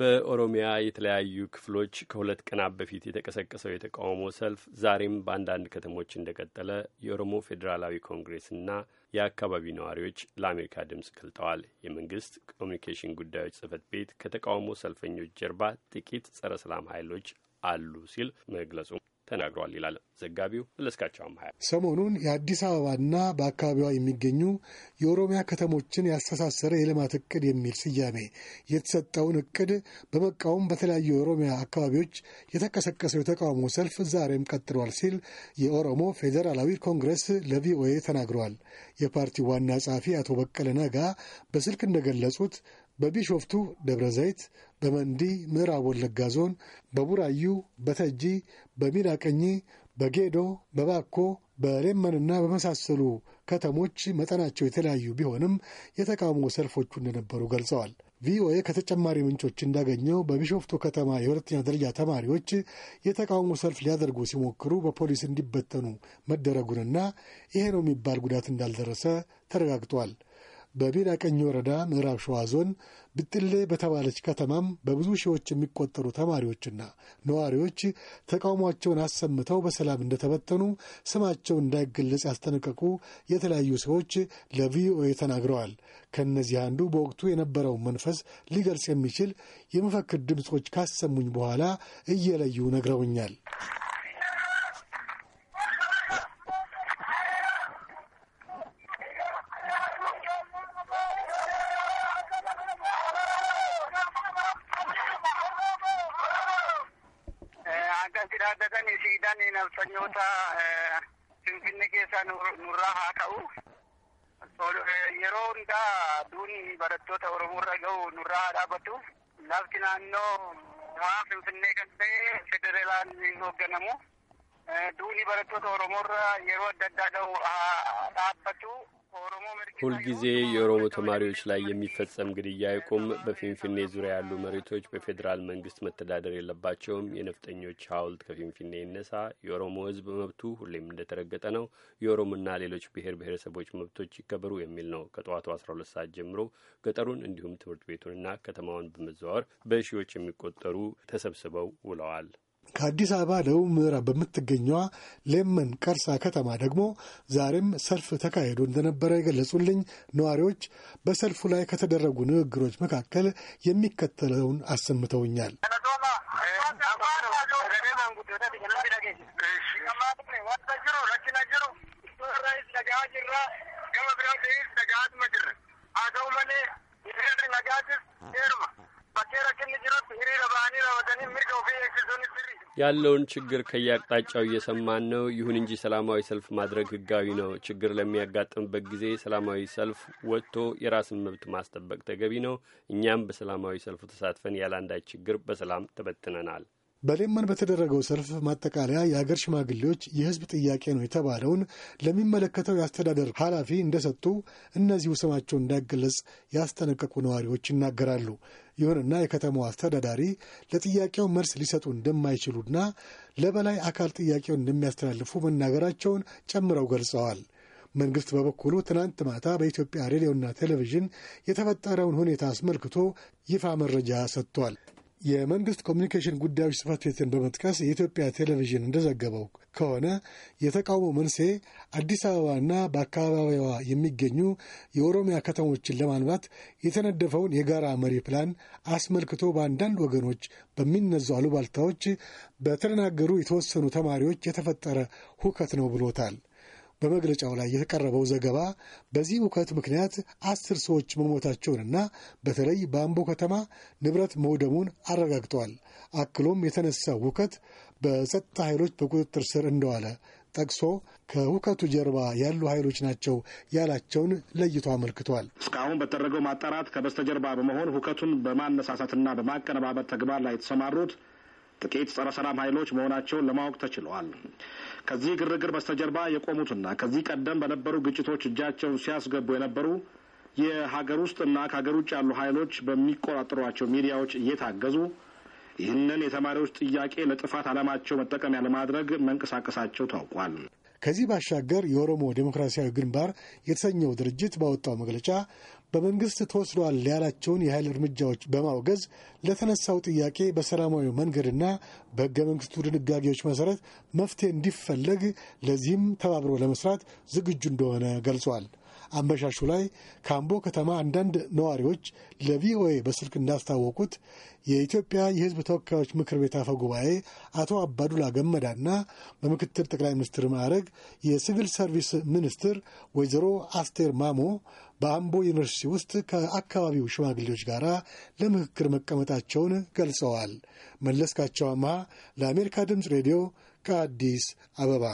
በኦሮሚያ የተለያዩ ክፍሎች ከሁለት ቀናት በፊት የተቀሰቀሰው የተቃውሞ ሰልፍ ዛሬም በአንዳንድ ከተሞች እንደቀጠለ የኦሮሞ ፌዴራላዊ ኮንግሬስና የአካባቢው ነዋሪዎች ለአሜሪካ ድምፅ ገልጠዋል። የመንግስት ኮሚኒኬሽን ጉዳዮች ጽህፈት ቤት ከተቃውሞ ሰልፈኞች ጀርባ ጥቂት ጸረ ሰላም ኃይሎች አሉ ሲል መግለጹ ተናግሯል ይላል ዘጋቢው መለስካቸው አምሃያ። ሰሞኑን የአዲስ አበባና በአካባቢዋ የሚገኙ የኦሮሚያ ከተሞችን ያስተሳሰረ የልማት እቅድ የሚል ስያሜ የተሰጠውን እቅድ በመቃወም በተለያዩ የኦሮሚያ አካባቢዎች የተቀሰቀሰው የተቃውሞ ሰልፍ ዛሬም ቀጥሏል ሲል የኦሮሞ ፌዴራላዊ ኮንግረስ ለቪኦኤ ተናግሯል። የፓርቲው ዋና ጸሐፊ አቶ በቀለ ነጋ በስልክ እንደገለጹት በቢሾፍቱ ደብረ ዘይት፣ በመንዲ ምዕራብ ወለጋ ዞን፣ በቡራዩ፣ በተጂ፣ በሚዳቀኝ፣ በጌዶ፣ በባኮ፣ በሌመንና በመሳሰሉ ከተሞች መጠናቸው የተለያዩ ቢሆንም የተቃውሞ ሰልፎቹ እንደነበሩ ገልጸዋል። ቪኦኤ ከተጨማሪ ምንጮች እንዳገኘው በቢሾፍቱ ከተማ የሁለተኛ ደረጃ ተማሪዎች የተቃውሞ ሰልፍ ሊያደርጉ ሲሞክሩ በፖሊስ እንዲበተኑ መደረጉንና ይሄ ነው የሚባል ጉዳት እንዳልደረሰ ተረጋግጧል። በቢራ ቀኝ ወረዳ ምዕራብ ሸዋ ዞን ብጥሌ በተባለች ከተማም በብዙ ሺዎች የሚቆጠሩ ተማሪዎችና ነዋሪዎች ተቃውሟቸውን አሰምተው በሰላም እንደተበተኑ ስማቸው እንዳይገለጽ ያስጠነቀቁ የተለያዩ ሰዎች ለቪኦኤ ተናግረዋል። ከእነዚህ አንዱ በወቅቱ የነበረውን መንፈስ ሊገልጽ የሚችል የመፈክር ድምፆች ካሰሙኝ በኋላ እየለዩ ነግረውኛል። labsanyoota finfinne eh, keessaa nurraa haa ta'u. Eh, yeroo hundaa duuni barattoota Oromoo irra ga'u nurraa haa dhaabbatu. Lafti naannoo waa finfinnee kan ta'e federaalaan ni hoogganamu. Eh, duuni barattoota Oromoo irra yeroo adda addaa gahu haa ሁልጊዜ የኦሮሞ ተማሪዎች ላይ የሚፈጸም ግድያ ይቁም። በፊንፊኔ ዙሪያ ያሉ መሬቶች በፌዴራል መንግስት መተዳደር የለባቸውም። የነፍጠኞች ሐውልት ከፊንፊኔ ይነሳ። የኦሮሞ ሕዝብ መብቱ ሁሌም እንደተረገጠ ነው። የኦሮሞና ሌሎች ብሔር ብሔረሰቦች መብቶች ይከበሩ የሚል ነው። ከጠዋቱ 12 ሰዓት ጀምሮ ገጠሩን እንዲሁም ትምህርት ቤቱንና ከተማውን በመዘዋወር በሺዎች የሚቆጠሩ ተሰብስበው ውለዋል። ከአዲስ አበባ ደቡብ ምዕራብ በምትገኘዋ ሌመን ቀርሳ ከተማ ደግሞ ዛሬም ሰልፍ ተካሂዶ እንደነበረ የገለጹልኝ ነዋሪዎች በሰልፉ ላይ ከተደረጉ ንግግሮች መካከል የሚከተለውን አሰምተውኛል። ያለውን ችግር ከየአቅጣጫው እየሰማን ነው። ይሁን እንጂ ሰላማዊ ሰልፍ ማድረግ ህጋዊ ነው። ችግር ለሚያጋጥምበት ጊዜ ሰላማዊ ሰልፍ ወጥቶ የራስን መብት ማስጠበቅ ተገቢ ነው። እኛም በሰላማዊ ሰልፉ ተሳትፈን ያለአንዳች ችግር በሰላም ተበትነናል። በሌመን በተደረገው ሰልፍ ማጠቃለያ የሀገር ሽማግሌዎች የህዝብ ጥያቄ ነው የተባለውን ለሚመለከተው የአስተዳደር ኃላፊ እንደሰጡ እነዚሁ ስማቸው እንዳይገለጽ ያስጠነቀቁ ነዋሪዎች ይናገራሉ። ይሁንና የከተማው አስተዳዳሪ ለጥያቄው መልስ ሊሰጡ እንደማይችሉና ለበላይ አካል ጥያቄውን እንደሚያስተላልፉ መናገራቸውን ጨምረው ገልጸዋል። መንግስት በበኩሉ ትናንት ማታ በኢትዮጵያ ሬዲዮና ቴሌቪዥን የተፈጠረውን ሁኔታ አስመልክቶ ይፋ መረጃ ሰጥቷል። የመንግስት ኮሚኒኬሽን ጉዳዮች ጽህፈት ቤትን በመጥቀስ የኢትዮጵያ ቴሌቪዥን እንደዘገበው ከሆነ የተቃውሞ መንስኤ አዲስ አበባና በአካባቢዋ የሚገኙ የኦሮሚያ ከተሞችን ለማልማት የተነደፈውን የጋራ መሪ ፕላን አስመልክቶ በአንዳንድ ወገኖች በሚነዙ አሉባልታዎች በተደናገሩ የተወሰኑ ተማሪዎች የተፈጠረ ሁከት ነው ብሎታል። በመግለጫው ላይ የተቀረበው ዘገባ በዚህ ሁከት ምክንያት አስር ሰዎች መሞታቸውንና በተለይ በአምቦ ከተማ ንብረት መውደሙን አረጋግጠዋል። አክሎም የተነሳው ሁከት በጸጥታ ኃይሎች በቁጥጥር ስር እንደዋለ ጠቅሶ ከሁከቱ ጀርባ ያሉ ኃይሎች ናቸው ያላቸውን ለይቶ አመልክቷል። እስካሁን በተደረገው ማጣራት ከበስተጀርባ በመሆን ሁከቱን በማነሳሳትና በማቀነባበር ተግባር ላይ የተሰማሩት ጥቂት ጸረ ሰላም ኃይሎች መሆናቸውን ለማወቅ ተችለዋል። ከዚህ ግርግር በስተጀርባ የቆሙትና ከዚህ ቀደም በነበሩ ግጭቶች እጃቸውን ሲያስገቡ የነበሩ የሀገር ውስጥና ከሀገር ውጭ ያሉ ኃይሎች በሚቆጣጠሯቸው ሚዲያዎች እየታገዙ ይህንን የተማሪዎች ጥያቄ ለጥፋት አለማቸው መጠቀሚያ ለማድረግ መንቀሳቀሳቸው ታውቋል። ከዚህ ባሻገር የኦሮሞ ዴሞክራሲያዊ ግንባር የተሰኘው ድርጅት ባወጣው መግለጫ በመንግስት ተወስዷል ያላቸውን የኃይል እርምጃዎች በማውገዝ ለተነሳው ጥያቄ በሰላማዊ መንገድና በሕገ መንግስቱ ድንጋጌዎች መሠረት መፍትሄ እንዲፈለግ ለዚህም ተባብሮ ለመስራት ዝግጁ እንደሆነ ገልጿል። አመሻሹ ላይ ከአምቦ ከተማ አንዳንድ ነዋሪዎች ለቪኦኤ በስልክ እንዳስታወቁት የኢትዮጵያ የሕዝብ ተወካዮች ምክር ቤት አፈ ጉባኤ አቶ አባዱላ ገመዳና በምክትል ጠቅላይ ሚኒስትር ማዕረግ የሲቪል ሰርቪስ ሚኒስትር ወይዘሮ አስቴር ማሞ በአምቦ ዩኒቨርሲቲ ውስጥ ከአካባቢው ሽማግሌዎች ጋር ለምክክር መቀመጣቸውን ገልጸዋል። መለስካቸው አማሃ ለአሜሪካ ድምፅ ሬዲዮ ከአዲስ አበባ